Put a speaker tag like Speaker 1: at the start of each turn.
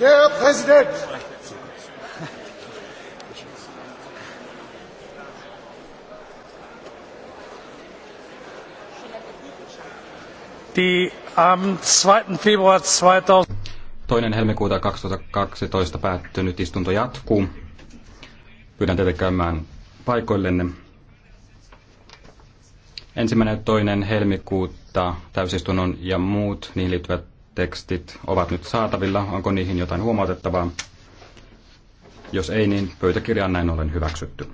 Speaker 1: Der Präsident!
Speaker 2: Die am 2. Februar 2000 Toinen helmikuuta 2012 päättynyt istunto jatkuu. Pyydän teitä käymään paikoillenne. Ensimmäinen toinen helmikuuta täysistunnon ja muut niihin liittyvät tekstit ovat nyt saatavilla. Onko niihin jotain huomautettavaa? Jos ei, niin pöytäkirja on näin ollen hyväksytty.